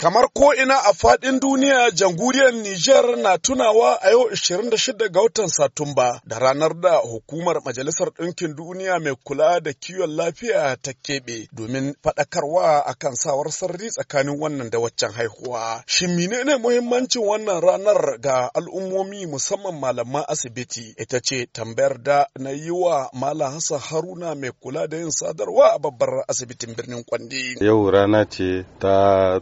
Kamar ko ina a faɗin duniya jamhuriyar Nijar na tunawa a yau 26 ga watan Satumba da ranar da hukumar Majalisar Ɗinkin Duniya mai kula da kiwon lafiya ta keɓe domin faɗakarwa a kan sawar sarri tsakanin wannan da waccan haihuwa. shi menene muhimmancin wannan ranar ga al'ummomi musamman malaman asibiti? Ita ce tambayar da na yi wa Malam Hassan Haruna mai kula da yin sadarwa a babbar asibitin birnin Kwandi. Yau rana ce ta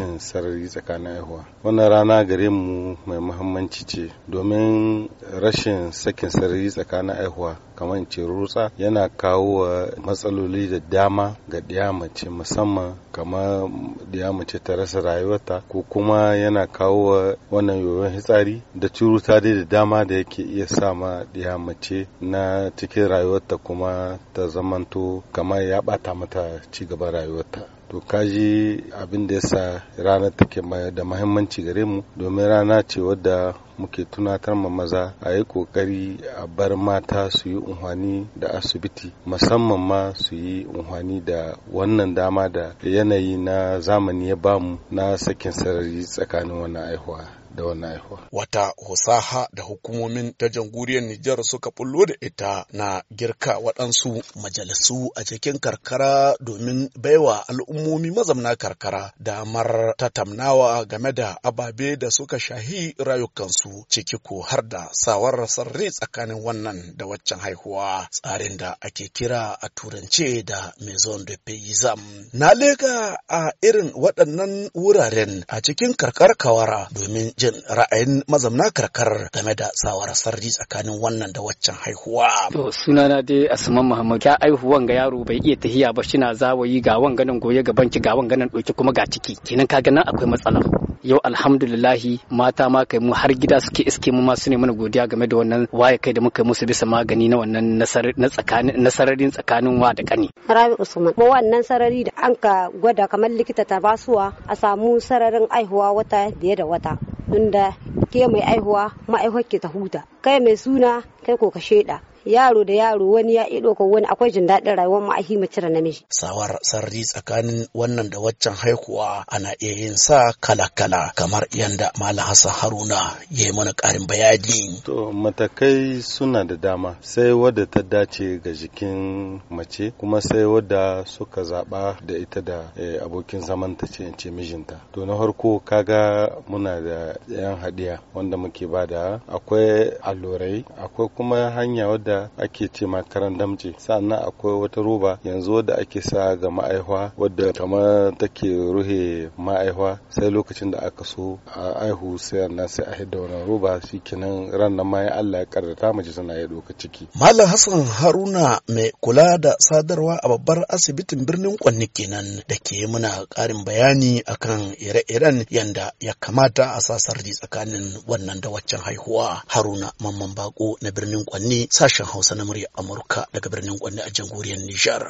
aikin sarari tsakanin haihuwa wannan rana gare mu mai muhimmanci ce domin rashin sakin sarari tsakanin haihuwa kamar ce rutsa yana kawo matsaloli da dama ga ɗiya mace musamman kamar ɗiya mace ta rasa rayuwarta ko kuma yana kawo wannan yoyon hitsari da curuta dai da dama da yake iya sa ma ɗiya mace na cikin rayuwarta kuma ta zamanto kamar ya ɓata mata ci gaban rayuwarta to kaji abin da yasa ranar take da mahimmanci gare mu domin rana ce wadda muke tunatar ma maza a yi kokari a bar mata su yi unhwani da asibiti musamman ma su yi unhwani da wannan dama da yanayi na zamani ya bamu na sakin sarari tsakanin wannan aihuwa da wannan haihuwa. Wata husaha da hukumomin ta jamhuriyar Nijar suka bullo da ita na girka waɗansu majalisu a cikin karkara domin baiwa al'ummomi mazamna karkara damar tatamnawa game da ababe da suka shahi rayukansu ciki ko har da sawar sarri tsakanin wannan da waccan haihuwa tsarin da ake kira a turance da maison de paysan. Na lega a irin waɗannan wuraren a cikin karkar kawara domin jin ra'ayin mazamna karkar game da sawar sarri tsakanin wannan da waccan haihuwa. To sunana dai Asman Muhammad ya aihuwan ga yaro bai iya tahiya ba shina zawayi ga wanganan goye ga banki ga wanganan ɗauki kuma ga ciki kenan kaga nan akwai matsala. yau alhamdulillahi mata ma kai mu har gida suke iske mu ma su ne mana godiya game da wannan waye kai da muka musu bisa magani na wannan nasararin tsakanin wa da kani. Rabi Usman, ba wannan sarari da an ka gwada kamar likita ta basuwa a samu sararin aihuwa wata da da wata. tunda ke mai aihuwa ma'aihuwar ke ta huta kai mai suna kai ko ka sheda yaro da yaro wani ya ido ko wani akwai jin daɗin rayuwar mu ahi mace da namiji sawar sarri tsakanin wannan da waccan haihuwa ana iya yin sa kala kala kamar yanda malam Hassan Haruna ya yi mana ƙarin bayani to matakai suna da dama sai wadda ta dace ga jikin mace kuma sai wadda suka zaba da ita da eh, abokin zaman ta ce ce mijinta to na farko kaga muna da yan haɗiya, wanda muke bada akwai allurai akwai kuma hanya wadda da ake ce ma karan sannan akwai wata roba yanzu wadda ake sa ga ma'aihwa wadda kamar take ruhe ma'aihwa sai lokacin da aka so a aihu sai na sai a hidda wannan roba shikenan ran nan ma Allah ya karrata mace tana ya doka ciki Malam Hassan Haruna mai kula da sadarwa a babbar asibitin birnin Kwanni kenan da ke muna karin bayani akan ire-iren yanda ya kamata a sasarji tsakanin wannan da waccan haihuwa Haruna Mamman Bako na birnin Kwanni sashi. sashen Hausa na murya Amurka daga birnin gwani a jamhuriyar Nijar.